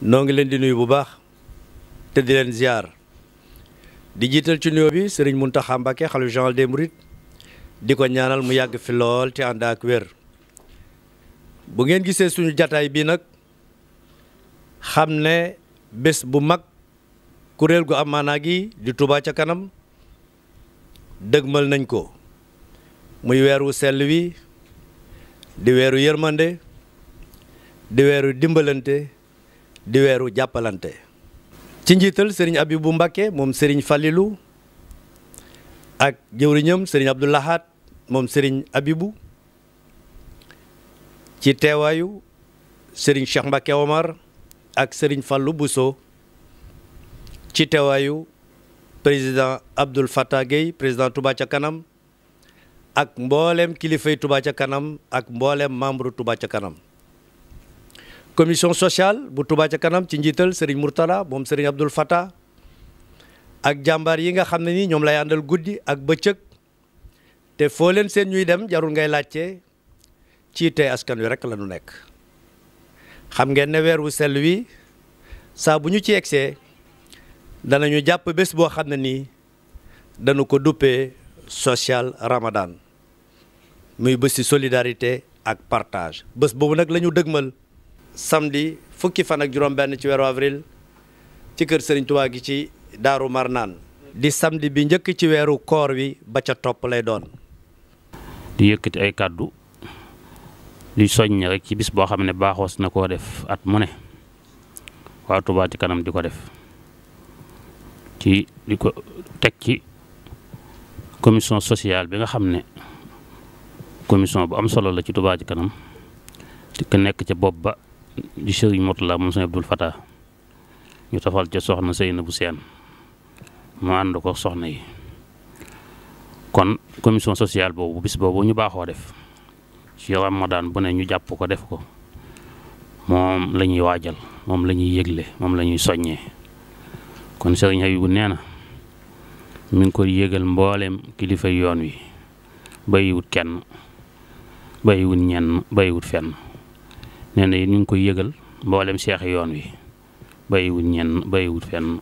noo ngi leen di nuyu bu baax te di leen ziar di jiital ci nuyoo bi sëriñ Mountakha Mbacké xalifa général des mourides di ko ñaanal mu yàgg fi lool te ànd ak wér bu ngeen gisee suñu jataay bii nag xam ne bés bu mag kuréel gu am maanaa gi di Touba ca kanam dëgmal nañ ko muy weeru sell wi di weeru yërmande di weeru dimbalante di weeru jàppalante ci njiital sëriñ Abibu mbakke moom sëriñ Falilu ak jëwriñam sëriñ Abdou moom sëriñ Abibu ci teewaayu sëriñ Cheikh Mbacke Omar ak sëriñ fallu Bousso ci teewaayu président Abdoul Fattah Gueye président Touba ca kanam ak mboolem kilifay Touba ca kanam ak mboolem membre Touba ca kanam commission sociale bu tubaa ca kanam ci njiital Serigne Mourtala moom Serigne Abdoul Fattah ak jàmbaar yi nga xam ne ni ñoom lay àndal guddi ak bëccëg te foo leen seen ñuy dem jarul ngay laajte ci tey askan wi rek la ñu nekk xam ngeen ne weer wu sell wi saa bu ñu ci egsee danañu jàpp bés boo xam ne nii dañu ko duppee social Ramadan muy bési solidarité ak partage bés boobu nag lañu ñu dëgmal. samedi fukki fan ak juróom-benn ci weeru avril ci kër Serigne Touba gi ci Daaru Marnaan di samedi bi njëkk ci weeru koor wi ba ca topp lay doon. di yëkkati ay kàddu di soññ rek ci bis boo xam ne baaxoos na koo def at mu ne waa Touba kanam di ko def ci di ko teg ci commission sociale bi nga xam ne commission bu am solo la ci Touba ci kanam. te nekk ca bopp ba di sëriñ Murtala moom sëñ Abdul Fatah ñu tafal ca soxna Seynabu Seen mu ànd ko soxna yi kon commission sociale boobu bis boobu ñu baaxoo def ci Ramadan bu ne ñu jàpp ko def ko moom lañuy ñuy waajal moom la ñuy yëgle moom lañuy ñuy soññee kon sëriñ Habibu nee na mi ngi koy yëgal mbooleem kilifa yoon wi bàyyiwut kenn bàyyiwut ñenn bàyyiwut fenn nee na ñu ngi koy yëgal mboolem seex yoon wi bàyyiwut ñenn bàyyiwut fenn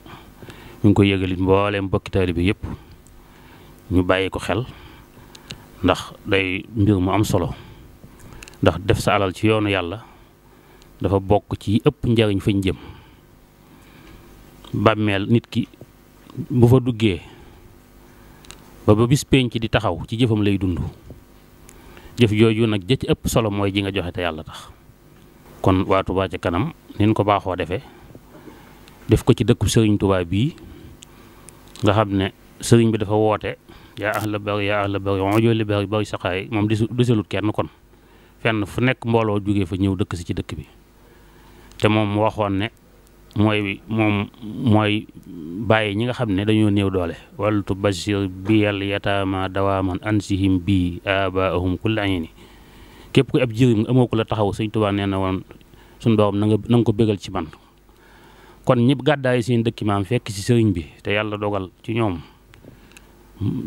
ñu ngi koy yëgal it mboolem bokki taalibe bi yëpp ñu bàyyi ko xel ndax day mbir mu am solo ndax def sa alal ci yoonu yàlla dafa bokk ci ëpp njariñ fañ jëm bàmmeel nit ki bu fa duggee ba ba bis penc di taxaw ci jëfam lay dund jëf jooju nag ja ci ëpp solo mooy ji nga joxe te yàlla tax kon waa Touba ca kanam nin ko baaxoo defee def ko ci dëkku sëriñ Touba bii nga xam ne sëriñ bi dafa woote yaa ahla bari yaa ahla bari moo jooli bari bari saxaay moom desalut kenn kon fenn fu nekk mbooloo jógee fa ñëw dëkk si ci dëkk bi te moom waxoon ne mooy moom mooy bàyyi ñi nga xam ne dañoo néew doole waltu basir bi yàlla yataama dawaaman ansihim bii abaahum kulla ayni képp ku ab jëriñ amoo ko la taxaw sëñ Tuubaa nee na woon suñu doom na nanga ko bégal ci man kon ñëpp gàddaay seen dëkki maam fekk si sëriñ bi te yàlla dogal ci ñoom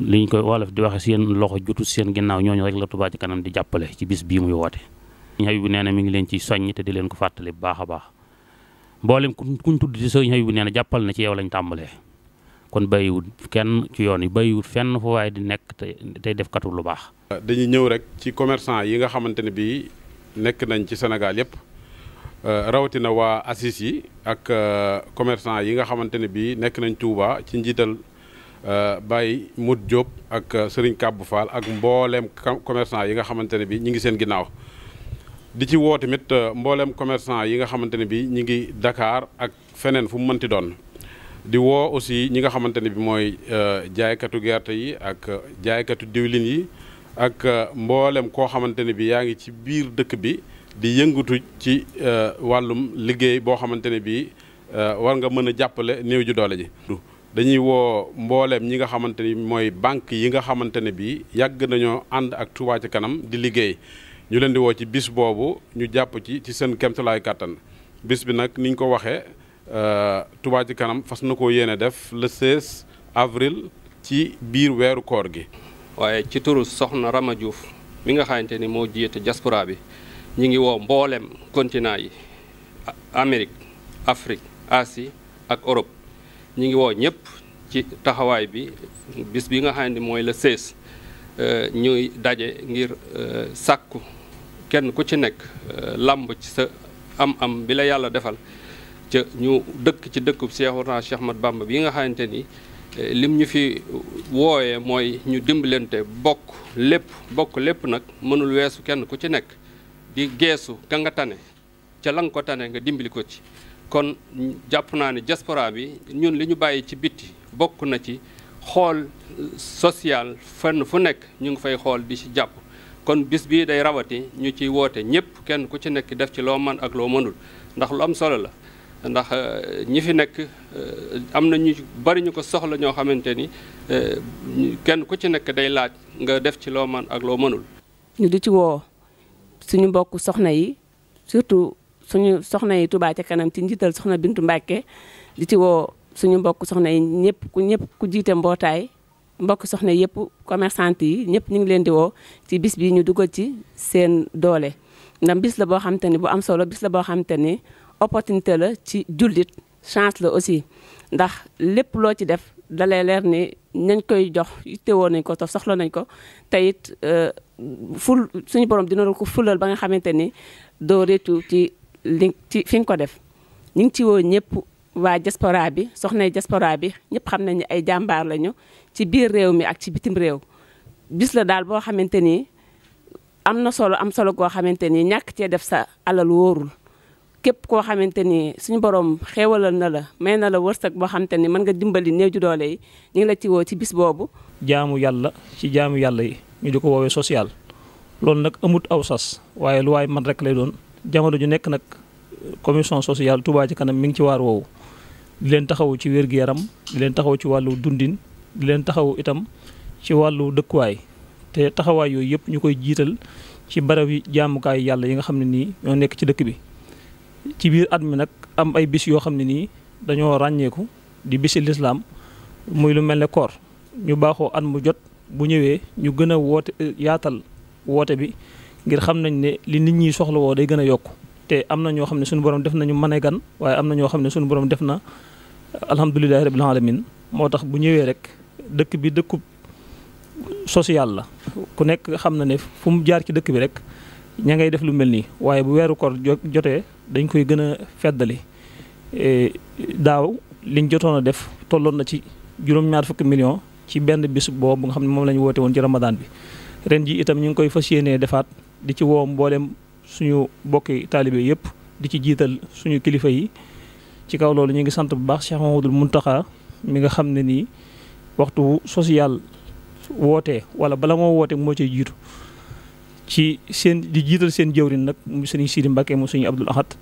liñ koy wolof di waxe seen loxo jotul seen ginnaaw ñooñu rek la Tuubaa ci kanam di jàppale ci bis bii muy woote. sëñ Habibou nee na mi ngi leen ciy soññ te di leen ko fàttali bu baax a baax mboolem kuñ tudd ci sëriñ Habibou nee na jàppal na ci yow lañ tàmbalee. kon bàyyiwut kenn ci yoon yi bàyyiwut fenn fu waaye di nekk te tey def katu lu baax. dañuy ñëw rek ci commerçant yi nga xamante ne bii nekk nañ ci Sénégal yëpp euh, rawatina waa ACIS yi ak euh, commerçant yi nga xamante ne bii nekk nañ Touba ci njiital euh, Baye mut Diop ak Serigne Kabou Fall ak mbooleem commerçant yi nga xamante ne bii ñu ngi seen ginnaaw. di ci woo tamit mbooleem commerçant yi nga xamante ne bii ñu ngi Dakar ak feneen fu mu mënti doon. di woo aussi ñi nga xamante ne bi mooy euh, jaaykatu gerte yi ak euh, jaaykatu diwlin yi ak euh, mboolem koo xamante ne bi yaa ngi ci biir dëkk bi di yëngatu ci wàllum liggéey boo xamante ne bi war nga mën a jàppale néew ju doole ji dañuy woo mbooleem ñi nga xamante ni mooy banque yi nga xamante ne bi yàgg nañoo ànd ak Touba Ca Kanam di liggéey ñu leen di woo ci bis boobu ñu jàpp ci ci seen kemtalaay kàttan bis bi nag niñ ko waxee Euh, Touba ci kanam fas na koo yéene def le 16 avril ci biir weeru koor gi. waaye ci turu soxna Rama bi nga xamante ni moo jiite diaspora bi ñu ngi woo mbooleem continent yi Amérique Afrique Asie ak Europe ñu ngi woo ñëpp ci taxawaay bi bis bi nga xam ne mooy le 16 euh, ñuy daje ngir euh, sàkku kenn ku ci nekk làmb ci sa am-am bi la yàlla defal. ca ñu dëkk ci dëkkub Seexuna Cheikh Ahmad Bamba bi nga xamante ni eh, lim ñu fi wooyee mooy ñu dimbalante bokk lépp bokk lépp nag mënul weesu kenn ku ci nekk di geesu ka nga tane ca la nga ko tane nga dimbali ko ci kon jàpp naa ne diaspora bi ñun li ñu bàyyi ci bitti bokk na ci xool social fenn fu nekk ñu ngi fay xool di ci jàpp kon bis bii day rawati ñu ciy woote ñëpp kenn ku ci nekk def ci loo man ak loo mënul ndax lu am solo la ndax euh, ñi fi nekk euh, am na ñu bari ñu ko soxla ñoo xamante ni euh, kenn ku ci nekk day laaj nga def ci loo man ak loo mënul. ñu di ci woo suñu mbokk soxna yi surtout suñu soxna yi Touba ci kanam ci njiital soxna Bintu Mbàkke di ci woo suñu mbokk soxna yi ñëpp ku ñëpp ku jiite mbootaay mbokk soxna yëpp commerçante yi ñëpp ñu ngi leen di woo ci bis bi ñu dugal ci seen doole ndax bis la boo xamante ni bu am solo bis la boo xamante ni. opportunité la ci jullit chance la aussi ndax lépp loo ci def dalay leer ni nañ koy jox yittewoo nañ ko te soxla nañ ko te it euh, ful suñu borom dina la ko fulal ba nga xamante ni doo réccu ci li ci fi nga ko def ñu ngi ci woo ñëpp waa diaspora bi soxna diaspora bi ñëpp xam nañ ay jàmbaar lañu ci biir réew mi ak ci bitim réew bis la daal boo xamante ni am na solo am solo goo xamante ni ñàkk cee def sa alal wóorul képp koo xamante ni suñu borom xéewalal na la may na la wërsëg boo xamante ni mën nga dimbali néew ju doole ñu ngi la ci woo ci bis boobu. jaamu yàlla ci jaamu yàlla yi ñu di ko woowee social loolu nag amut aw sas waaye lu waaye man rek lay doon jamono ju nekk nag commission sociale Touba ci kanam mi ngi ci waar woowu. di leen taxaw ci wér-gu-yaram di leen taxaw ci wàllu dundin di leen taxaw itam ci wàllu dëkkuwaay te taxawaay yooyu yëpp ñu koy jiital ci barab yi jaamukaay yàlla yi nga xam ne nii ñoo nekk ci dëkk bi. ci biir at mi nag am ay bis yoo xam ne nii dañoo ràññeeku di bisi lislaam muy lu mel ne koor ñu baaxoo at mu jot bu ñëwee ñu gën a woote yaatal woote bi ngir xam nañ ne li nit ñi soxla woo day gën a yokk te am na ñoo xam ne suñu borom def nañu mën a gan waaye am na ñoo xam ne suñu borom def na alhamdulilahi rabbil alamin moo tax bu ñëwee rek dëkk bi dëkkub social la ku nekk xam na ne fu mu jaar ci dëkk bi rek ña ngay def lu mel nii waaye bu weeru koor jotee dañ koy gën a feddali e, daaw liñ jotoon def tolloon na ci juróom-ñaar fukki million ci benn bis boobu nga xam ne moom la ñu woote woon ci ramadaan bi ren ji itam ñu ngi koy fas yéenee defaat di ci woo suñu bokki taalibe yëpp di ci jiital suñu kilifa yi ci kaw loolu ñu ngi sant bu baax Cheikh Mamadou Mountakha mi nga xam ne nii waxtu social wootee wala bala moo woote moo ciy jiitu ci seen di jiital seen jëwrin nag mu sëriñ Sidi Mbacke mu sëriñ Abdul Ahad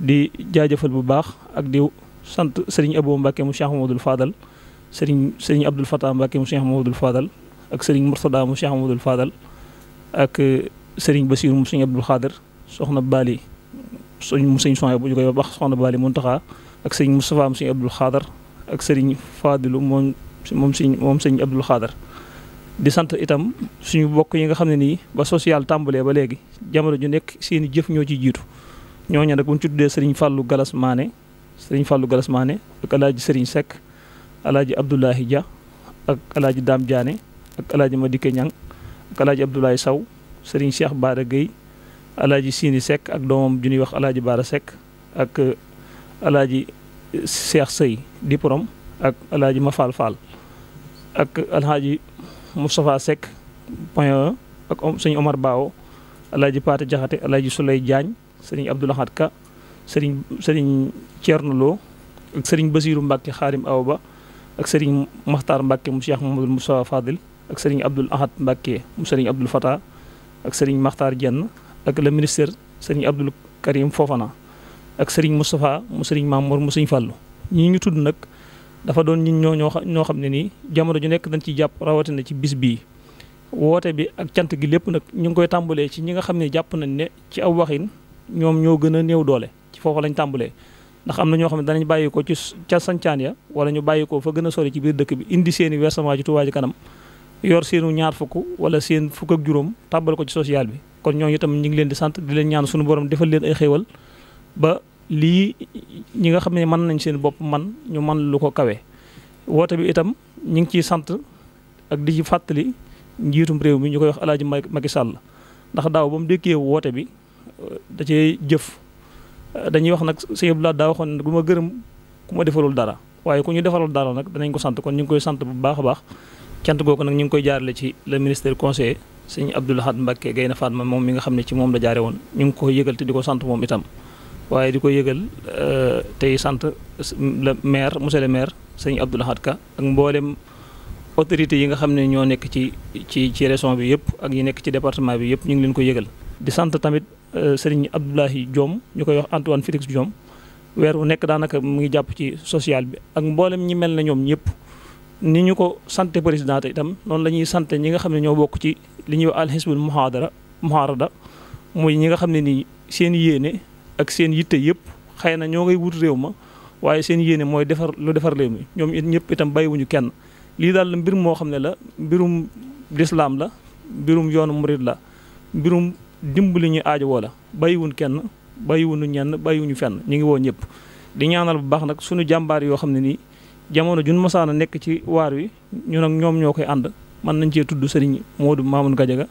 di jaajëfal bu baax ak di sant sëriñ Abo Mbacke mu Cheikh Mamadou Fadal sëriñ sëriñ Abdul Fatah Mbacke mu Cheikh Mamadou Fadal ak sëriñ Mourtada mu Cheikh Mamadou Fadal ak euh, sëriñ Basiir mu sëriñ Abdul Xaadir soxna Bali mu sëriñ Sonia bu ñu koy wax soxna Bali Muntaxa ak sëriñ Moustapha ak sëriñ Fadilu moom moom sëriñ moom sëriñ Abdul Xaadir di sant itam suñu bokk yi nga xam ne nii ba social tàmbalee ba léegi jamono ju nekk seen jëf ñoo ciy jiitu ñooñu nag bu ñu tuddee sëriñ Fallou Galas Mané sëriñ Fallou Galas Mané ak alaaji sëriñ sekk alaaji Abdoulahi ja ak alaaji Dame Diané ak alaaji Madike Ñang ak alaaji Abdoulaye Saw sëriñ Cheikh Baara Gueye alaaji Sini sekk ak doomam ju ñuy wax alaaji Baara sekk ak alaaji Cheikh sëy Diprom ak alaaji Mafal Fall ak alaaji Moustapha Seck point 1 ak sëñ Omar Bao alaaji Paate Jaxate alaaji Souley Diagne sëriñ Abdou Lahad Ka sëriñ sëriñ Thierno Lo ak sëriñ Basiiru Mbàkke Xaarim Aw Ba ak sëriñ Maxtaar Mbàkke mu Cheikh Mamadou Moustapha Fadil ak sëriñ Abdoul Ahad Mbàkke mu sëriñ Abdoul Fata ak sëriñ Maxtaar Jenn ak le ministère sëriñ Abdoul Karim Fofana ak sëriñ Moustapha mu sëriñ Mamour mu sëriñ Fàllu ñi ñu tudd nag dafa doon ñun ñoo ñoo xam ne nii jamono ju nekk dañ ciy jàpp rawatina ci bis bii woote bi ak cant gi lépp nag ñu ngi koy tàmbalee ci ñi nga xam ne jàpp nañ ne ci aw waxin ñoom ñoo gën a néew doole ci foofu lañ tàmbalee ndax am na ñoo xam ne danañ bàyyi ko ci ca sancaan ya wala ñu bàyyi fa gën a sori ci biir dëkk bi indi seeni versement ci Touba Ca Kanam yor seenu ñaar fukk wala seen fukk ak juróom tàbbal ko ci social bi kon ñooñu itam ñu ngi leen di sant di leen ñaan suñu borom defal leen ay xéewal ba lii ñi nga xam ne mën nañ seen bopp man ñu man lu ko kawe woote bi itam ñu ngi ciy sant ak di ci fàttali njiitum réew mi ñu koy wax alaaji Macky Sall ndax daaw ba mu dékkee woote bi euh, da cee jëf euh, dañuy wax nag sëñ Abdoulaye daa waxoon ne bu ma gërëm ku ma defalul dara waaye ku ñu defalul dara nag danañ ko sant kon ñu ngi koy sant bu baax a baax cant googu nag ñu ngi koy jaarale ci le ministère conseiller sëñ Abdoul Ahad Mbacké Gaïndé Fatma moom mi nga xam ne ci moom la jaare ñu ngi koy yëgal di ko sant moom itam waaye di ko yëgal eh, tey sant le maire monsieur le maire sëñ Abdou Lahad Ka ak mboolem autorités yi nga xam ne ñoo nekk ci ci ci région bi yëpp ak yi nekk ci département bi yëpp ñu ngi leen ko yëgal. di sant tamit eh, sëriñ Abdoulahi Diom ñu koy wax Antoine Félix Diom weer wu nekk daanaka mu ngi jàpp ci social bi ak mboolem ñi mel na ñoom ñëpp. ni ñu ko sante président itam noonu la ñuy sante ñi nga xam ne ñoo bokk ci li ñuy wax alxisbul muhaadara muhaarada muy ñi nga xam ne nii seen yéene. ak seen yitte yëpp xëy na ñoo ngay wut réew ma waaye seen yéene mooy defar lu defar réew mi ñoom it ñëpp itam bàyyiwuñu kenn lii daal la mbir moo xam ne la mbirum lislaam la mbirum yoonu murid la mbirum dimbali ñu aajowoo la bàyyiwuñ kenn bàyyiwuñu ñenn bàyyiwuñu fenn ñu ngi woo ñëpp di ñaanal bu baax nag suñu jàmbaar yoo xam ne nii jamono jun masaana nekk ci waar wi ñun ak ñoom ñoo koy ànd mën nañ cee tudd sëriñ Modou Mamoun Gadiaga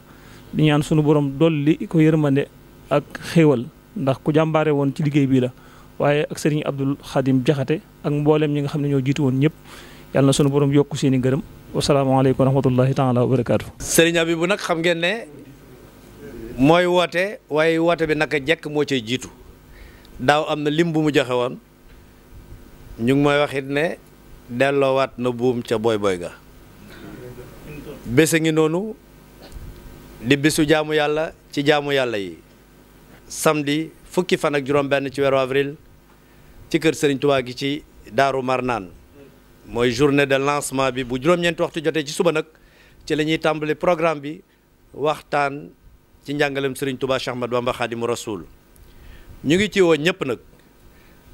di ñaan sunu borom dolli ko yërmande ak xéewal ndax ku jàmbaare woon ci liggéey bii la waaye ak sëriñ Abdul Xadim Jaxate ak mboolem ñi nga xam ne ñoo jiitu woon ñëpp yàlla sunu boroom yokku seen i gërëm wasalaamaaleykum wa rahmatullahi taala wa barakaatu. sëriñ Abibu nag xam ngeen ne mooy woote waaye woote bi naka jekk moo cay jiitu daaw am na lim bu mu joxe woon ñu ngi may wax it ne delloowaat na buum ca booy boy ga bés a ngi noonu di bésu jaamu yàlla ci jaamu yàlla yi. samedi fukki fan ak juróom-benn ci weeru avril ci kër sëriñ Touba gi ci Daaru Marnaan mooy journée de lancement bi bu juróom-ñeenti waxtu jotee ci suba nag ci lañuy tàmbali programme bi waxtaan ci njàngalem sëriñ Touba Cheikh Ahmadou Bamba Khadimu Rasoul ñu ngi ci woo ñëpp nag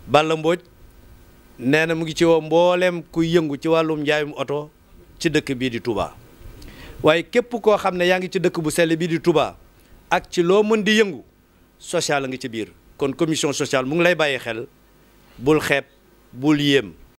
Balla Mbodj nee na mu ngi ci woo mbooleem kuy yëngu ci wàllum njaayum oto ci dëkk bii di Touba waaye képp koo xam ne yaa ngi ci dëkk bu sell bii di Touba ak ci loo mën di yëngu. social a ngi ci biir kon commission social mu ngi lay bàyyi xel bul xeeb bul yéem